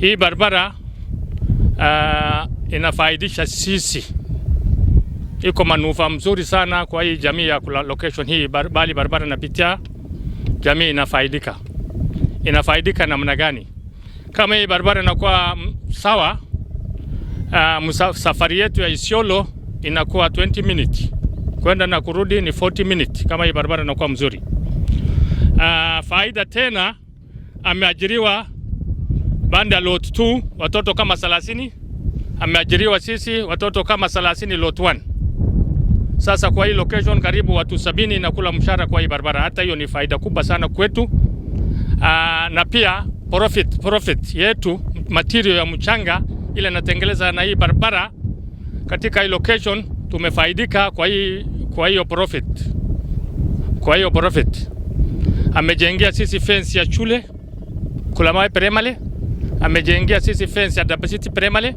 Hii barabara uh, inafaidisha sisi, iko manufaa mzuri sana kwa hii jamii ya location hii, bali barabara inapitia jamii inafaidika. Inafaidika namna gani? Kama hii barabara inakuwa mm, sawa, uh, safari yetu ya Isiolo inakuwa 20 minutes kwenda na kurudi ni 40 minutes, kama hii barabara inakuwa mzuri. Uh, faida tena ameajiriwa banda lot 2 watoto kama 30 ameajiriwa sisi watoto kama 30 lot 1. Sasa kwa hii location karibu watu sabini na kula mshahara kwa hii barabara, hata hiyo ni faida kubwa sana kwetu. Aa, ah, na pia profit, profit yetu material ya mchanga ile natengeleza na hii barabara katika hii location tumefaidika kwa hii kwa hiyo profit. Kwa hiyo profit amejengea sisi fence ya shule Kulamai Primary amejengea sisi fence ya Dapasit Primary,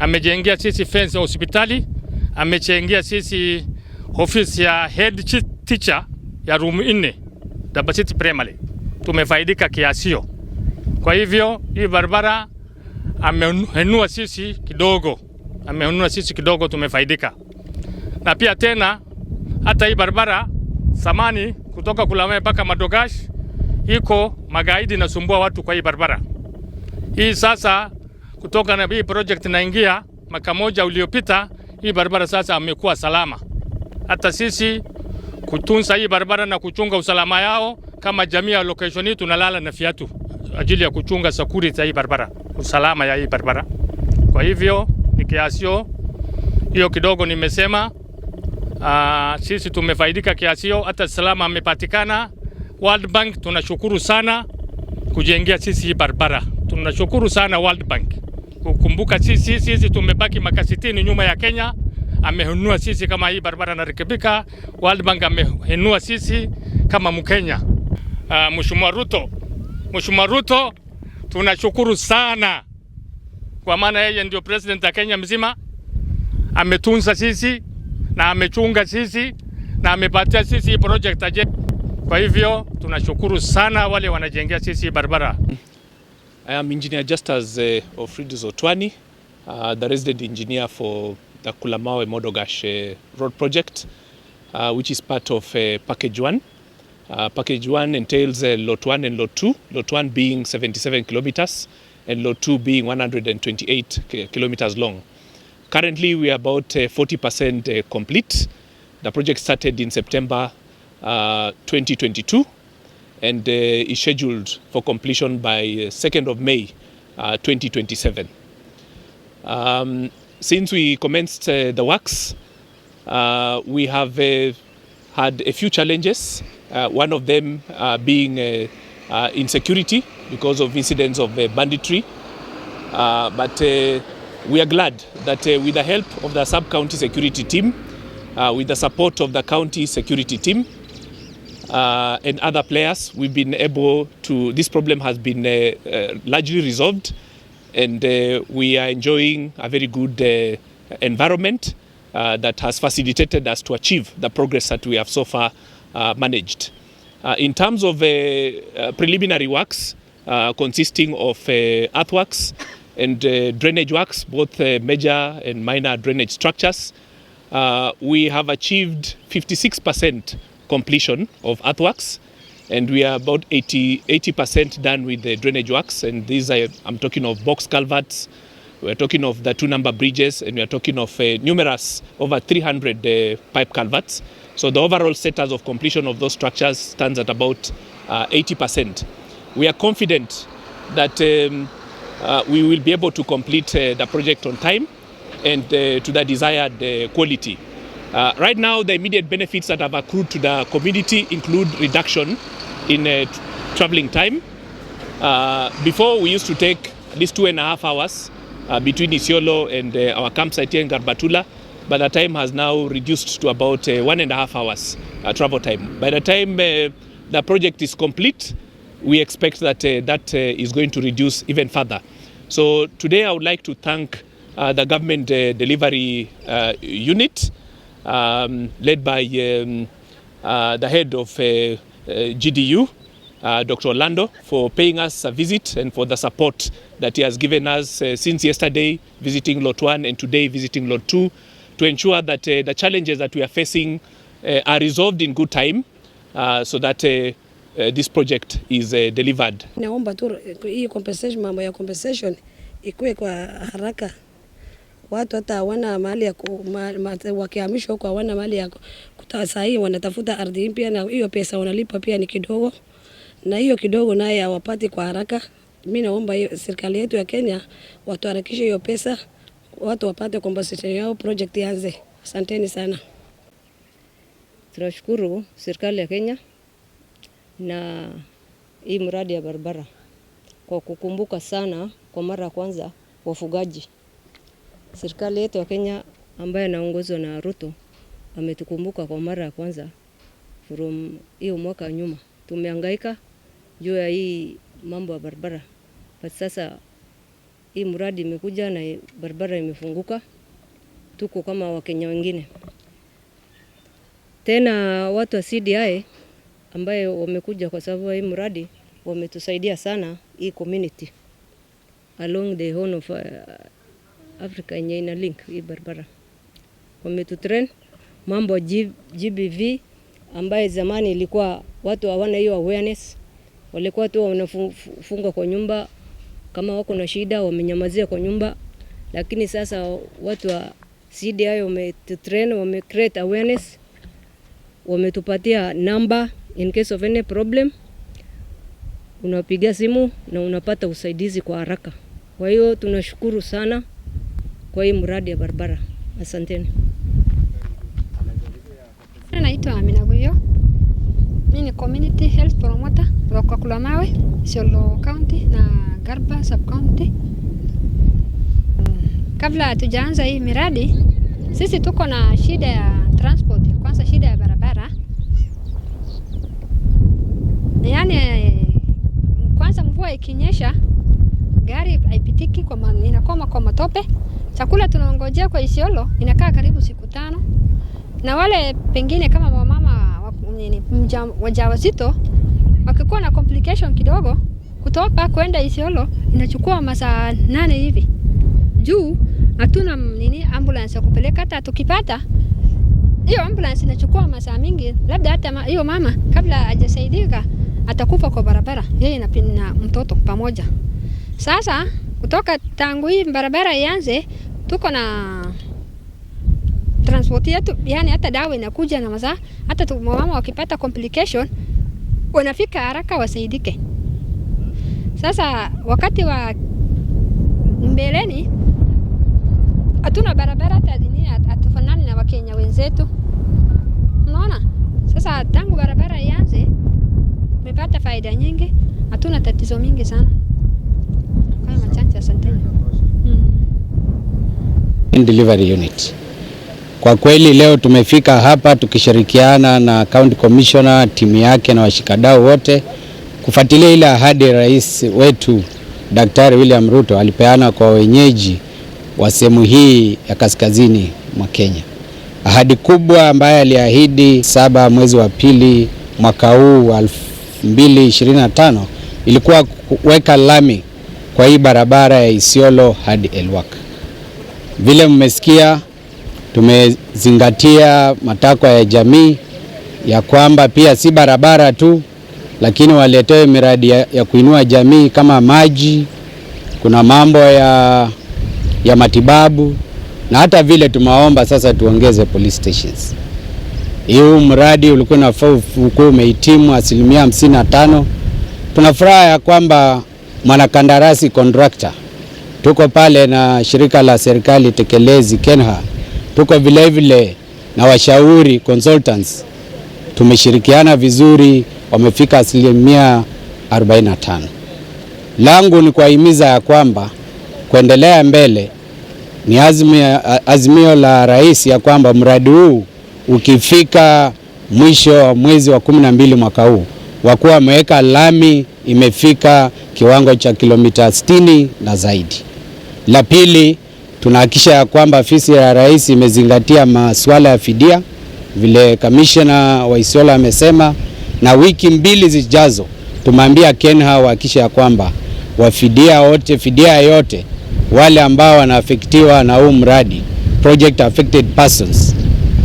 amejengea sisi fence ya hospitali, amejengea sisi ofisi ya head teacher ya room nne Dapasit Primary. Tumefaidika kiasio. Kwa hivyo hii barabara amenunua sisi kidogo, amenunua sisi kidogo, tumefaidika na pia tena hata hii barabara samani kutoka Kulamae mpaka Madogash iko magaidi nasumbua watu kwa hii barabara. Hii sasa kutoka na hii project naingia mwaka moja uliopita, hii barabara sasa amekuwa salama. Hata sisi kutunza hii barabara na kuchunga usalama yao kama jamii ya location hii, tunalala na viatu ajili ya kuchunga security ya hii barabara, usalama ya hii barabara. Kwa hivyo ni kiasio hiyo kidogo nimesema. Aa, ah, sisi tumefaidika kiasio, hata salama amepatikana. World Bank tunashukuru sana kujengea sisi hii barabara tunashukuru sana World Bank kukumbuka sisi. Sisi tumebaki makasitini nyuma ya Kenya, amehunua sisi kama hii barabara narekebika. World Bank amehunua sisi kama Mkenya. Uh, Mheshimiwa Ruto, Mheshimiwa Ruto tunashukuru sana kwa maana yeye ndio president ya Kenya mzima, ametunza sisi na amechunga sisi na amepatia sisi project aje. Kwa hivyo tunashukuru sana wale wanajengea sisi barabara. I am Engineer as uh, eh, Ofridis Otwani, uh, the resident engineer for the Kulamawe Modogash uh, road project, uh, which is part of uh, package one. Uh, package 1 entails uh, lot 1 and lot 2, lot 1 being 77 kilometers and lot 2 being 128 kilometers long. Currently, we are about 40% uh, uh, complete. The project started in September uh, 2022 and uh, is scheduled for completion by 2nd uh, of May uh, 2027. Um, since we commenced uh, the works, uh, we have uh, had a few challenges, uh, one of them uh, being uh, uh, insecurity because of incidents of uh, banditry. Uh, but uh, we are glad that uh, with the help of the sub-county security team, uh, with the support of the county security team, uh, and other players, we've been able to, this problem has been uh, uh, largely resolved and uh, we are enjoying a very good uh, environment uh, that has facilitated us to achieve the progress that we have so far managed. in terms of preliminary works, consisting of earthworks and drainage works, both major and minor drainage structures, we have achieved 56 percent completion of earthworks and we are about 80 percent done with the drainage works and these are I'm talking of box culverts we're talking of the two number bridges and we're talking of uh, numerous over 300 uh, pipe culverts so the overall status of completion of those structures stands at about 80%. Uh, we are confident that um, uh, we will be able to complete uh, the project on time and to the desired quality. Uh, right now, the immediate benefits that have accrued to the community include reduction in uh, traveling time. Uh, before, we used to take at least two and a half hours uh, between Isiolo and uh, our campsite here in Garbatula, but the time has now reduced to about uh, one and a half hours uh, travel time. By the time uh, the project is complete, we expect that uh, that uh, is going to reduce even further. So today I would like to thank uh, the government uh, delivery uh, unit um, led by um, uh, the head of uh, uh, GDU, uh, Dr. Orlando, for paying us a visit and for the support that he has given us uh, since yesterday visiting Lot 1 and today visiting Lot 2 to ensure that uh, the challenges that we are facing uh, are resolved in good time uh, so that uh, uh, this project is uh, delivered. Naomba tu eh, hii compensation mambo ya compensation ikuwe kwa haraka watu hata hawana mali ya wakihamishwa huko hawana mali ya kutaa, wanatafuta ardhi mpya, na hiyo pesa wanalipa pia ni kidogo, na hiyo kidogo naye hawapati kwa haraka. Mi naomba serikali yetu ya Kenya watuharakishe hiyo pesa, watu wapate compensation yao, project ianze. Asanteni sana. Tunashukuru serikali ya Kenya na hii mradi ya barabara kwa kukumbuka sana kwa mara ya kwanza wafugaji. Serikali yetu ya Kenya ambayo inaongozwa na Ruto ametukumbuka kwa mara ya kwanza from hiyo mwaka nyuma. Tumehangaika juu ya hii mambo ya barabara, but sasa hii mradi imekuja na barabara imefunguka, tuko kama Wakenya wengine tena. Watu wa CDI ambayo wamekuja kwa sababu ya hii mradi wametusaidia sana hii community along the horn of uh, Afrika yenye ina link hii barabara. train mambo GBV ambaye zamani ilikuwa watu hawana hiyo awareness, walikuwa tu wanafungwa kwa nyumba, kama wako na shida wamenyamazia kwa nyumba, lakini sasa watu wa CDI wame create awareness, wametupatia number in case of any problem, unapiga simu na unapata usaidizi kwa haraka. Kwa hiyo tunashukuru sana kwa hii mradi ya barabara. Asanteni. Naitwa Amina Guyo. Mimi ni community health promoter Kakula Mawe, Isiolo County na Garba sub county. Mm, kabla hatujaanza hii miradi, sisi tuko na shida ya transport, kwanza shida ya barabara. Yaani kwanza mvua ikinyesha gari haipitiki, inakoma kwa matope Chakula tunaongojea kwa Isiolo inakaa karibu siku tano, na wale pengine kama wamama wajawazito wakikuwa na complication kidogo, kutoka kwenda Isiolo inachukua masaa nane hivi, juu hatuna nini ambulance ya kupeleka. Hata tukipata hiyo ambulance inachukua masaa mingi, labda hata hiyo ma, mama kabla hajasaidika atakufa kwa barabara, yeye na mtoto pamoja. Sasa kutoka tangu hii barabara ianze tuko na transport yetu, yani hata dawa inakuja na mazaa, hata mama wakipata complication wanafika haraka wasaidike. Sasa wakati wa mbeleni hatuna barabara hata dini, hatufanani na Wakenya wenzetu, unaona. Sasa tangu barabara ianze mepata faida nyingi, hatuna tatizo mingi sana. Kama chance, asanteni in delivery unit. Kwa kweli leo tumefika hapa tukishirikiana na County Commissioner, timu yake na washikadau wote kufuatilia ile ahadi rais wetu Daktari William Ruto alipeana kwa wenyeji wa sehemu hii ya kaskazini mwa Kenya. Ahadi kubwa ambayo aliahidi saba mwezi wa pili mwaka huu wa 2025 ilikuwa kuweka lami kwa hii barabara ya Isiolo hadi Elwak. Vile mmesikia, tumezingatia matakwa ya jamii ya kwamba pia si barabara tu, lakini waletewe miradi ya, ya kuinua jamii kama maji, kuna mambo ya, ya matibabu na hata vile tumeomba sasa tuongeze police stations. Huu mradi ulikuwa nafaa ukuwa umehitimu asilimia tano Tuna furaha ya kwamba mwanakandarasi contractor tuko pale na shirika la serikali tekelezi KENHA, tuko vilevile vile na washauri consultants, tumeshirikiana vizuri, wamefika asilimia 45. Langu ni kuwahimiza ya kwamba kuendelea mbele ni azimio, azimio la rais ya kwamba mradi huu ukifika mwisho wa mwezi wa 12 mwaka huu wakuwa wameweka lami imefika kiwango cha kilomita 60 na zaidi. La pili, tunahakikisha ya kwamba afisi ya rais imezingatia masuala ya fidia vile kamishna wa Isiola amesema, na wiki mbili zijazo tumeambia KENHA wahakikisha ya kwamba wafidia wote, fidia yote wale ambao wanaafektiwa na huu mradi project affected persons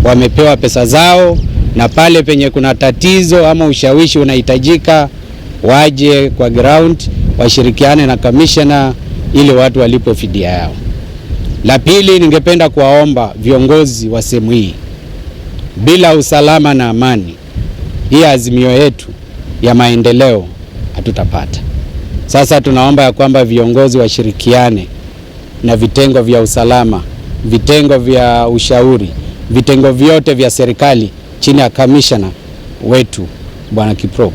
wamepewa pesa zao, na pale penye kuna tatizo ama ushawishi unahitajika, waje kwa ground washirikiane na commissioner ili watu walipe fidia yao. La pili, ningependa kuwaomba viongozi wa sehemu hii, bila usalama na amani, hii azimio yetu ya maendeleo hatutapata. Sasa tunaomba ya kwamba viongozi washirikiane na vitengo vya usalama, vitengo vya ushauri, vitengo vyote vya serikali chini ya kamishna wetu Bwana Kiprop.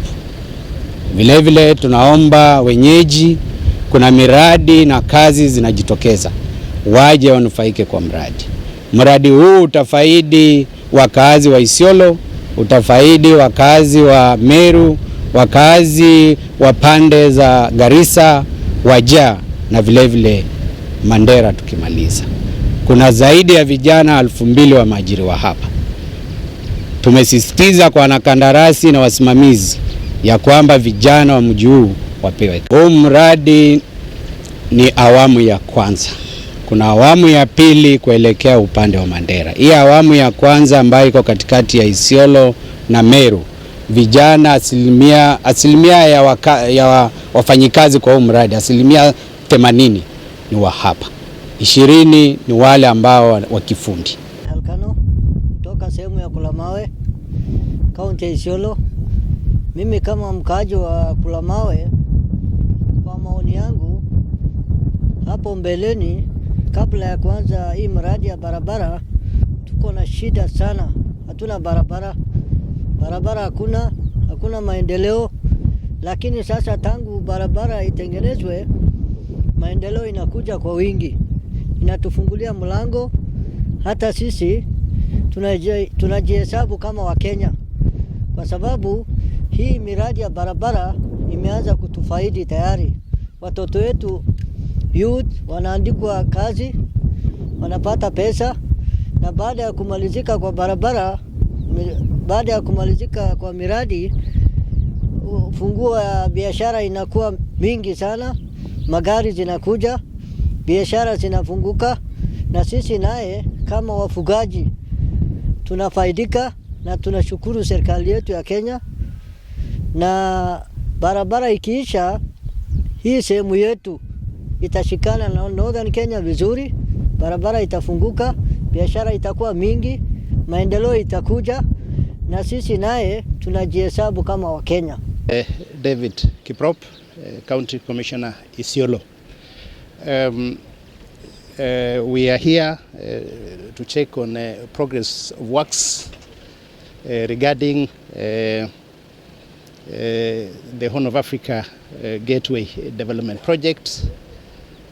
Vilevile tunaomba wenyeji kuna miradi na kazi zinajitokeza, waje wanufaike kwa mradi. Mradi huu utafaidi wakazi wa Isiolo, utafaidi wakazi wa Meru, wakazi wa pande za Garissa, Wajaa na vilevile vile Mandera. Tukimaliza, kuna zaidi ya vijana elfu mbili wa wa hapa. Tumesisitiza kwa wanakandarasi na wasimamizi ya kwamba vijana wa mji huu wapewe. Huu mradi ni awamu ya kwanza, kuna awamu ya pili kuelekea upande wa Mandera. Hii awamu ya kwanza ambayo iko katikati ya Isiolo na Meru, vijana asilimia, asilimia ya, waka, ya wafanyikazi kwa huu mradi asilimia 80 ni wa hapa, ishirini ni wale ambao wa kifundi sehemu ya Kulamawe kaunti ya Isiolo. Mimi kama mkaaji wa Kulamawe Hapo mbeleni, kabla ya kuanza hii mradi ya barabara, tuko na shida sana, hatuna barabara, barabara hakuna, hakuna maendeleo. Lakini sasa tangu barabara itengenezwe, maendeleo inakuja kwa wingi, inatufungulia mlango. Hata sisi tunajihesabu kama Wakenya kwa sababu hii miradi ya barabara imeanza kutufaidi tayari. Watoto wetu youth wanaandikwa kazi, wanapata pesa, na baada ya kumalizika kwa barabara, baada ya kumalizika kwa miradi, funguo ya biashara inakuwa mingi sana, magari zinakuja, biashara zinafunguka, na sisi naye kama wafugaji tunafaidika na tunashukuru serikali yetu ya Kenya. Na barabara ikiisha hii sehemu yetu itashikana na Northern Kenya vizuri, barabara itafunguka, biashara itakuwa mingi, maendeleo itakuja, na sisi naye tunajihesabu kama Wakenya. Eh, David Kiprop, eh, County Commissioner Isiolo. Um, Uh, we are here uh, to check on uh, progress of works uh, regarding uh, uh, the Horn of Africa uh, Gateway Development Project.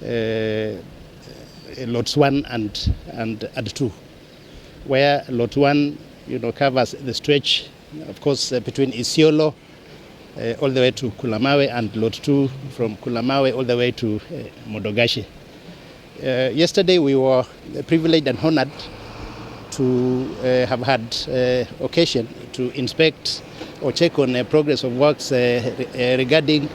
Uh, uh, lots 1 and, and, and 2 where lot 1 you know, covers the stretch of course uh, between Isiolo uh, all the way to Kulamawe and lot 2 from Kulamawe all the way to uh, Modogashi. Uh, yesterday we were privileged and honored to uh, have had uh, occasion to inspect or check on uh, progress of works uh, uh regarding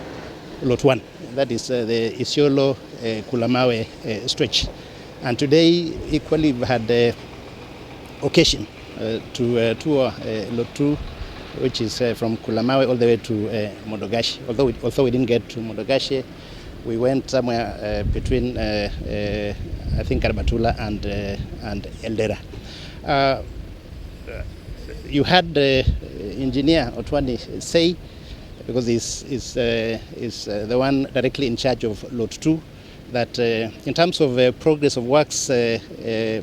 lot 1 that is uh, the Isiolo uh, Kulamawe uh, stretch. And today, equally, we've had the uh, occasion uh, to uh, tour uh, Lot 2, which is uh, from Kulamawe all the way to uh, Modogashi. Although we, although we didn't get to Modogashi, we went somewhere uh, between, uh, uh, I think, karbatula and, uh, and Eldera. Uh, you had the uh, engineer Otwani say, because he's, he's, uh, he's uh, the one directly in charge of Lot 2, that uh, in terms of uh, progress of works uh, uh, uh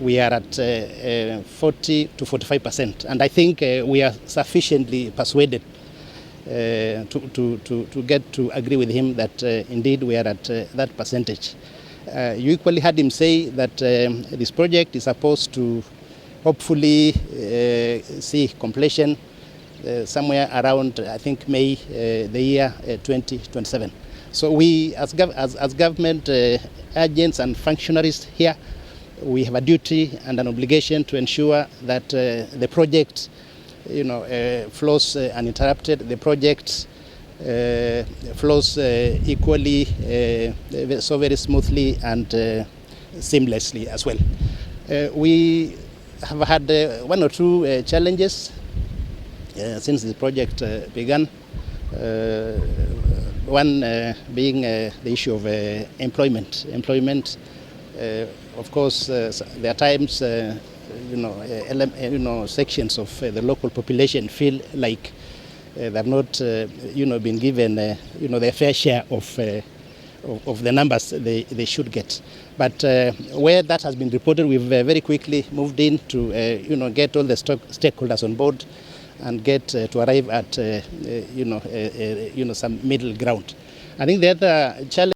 we are at uh, uh, 40 to 45 percent and I think uh, we are sufficiently persuaded uh, to, to, to, to get to agree with him that uh, indeed we are at uh, that percentage. Uh, you equally heard him say that um, this project is supposed to hopefully uh, see completion uh, somewhere around I think May uh, the year uh, 2027. So we, as, gov as, as government uh, agents and functionaries here, we have a duty and an obligation to ensure that uh, the project, you know, uh, flows uh, uninterrupted. The project uh, flows uh, equally, uh, so very smoothly and uh, seamlessly as well. Uh, we have had uh, one or two uh, challenges uh, since the project uh, began. Uh, One uh, being uh, the issue of uh, employment. Employment, uh, of course, uh, there are times, uh, you know, uh, uh, you know, sections of uh, the local population feel like uh, they've not, uh, you know, been given, uh, you know, their fair share of, uh, of, of the numbers they, they should get. But uh, where that has been reported, we've uh, very quickly moved in to, uh, you know, get all the stock stakeholders on board and get uh, to arrive at uh, uh, you know, uh, uh, you know, some middle ground. I think the other challenge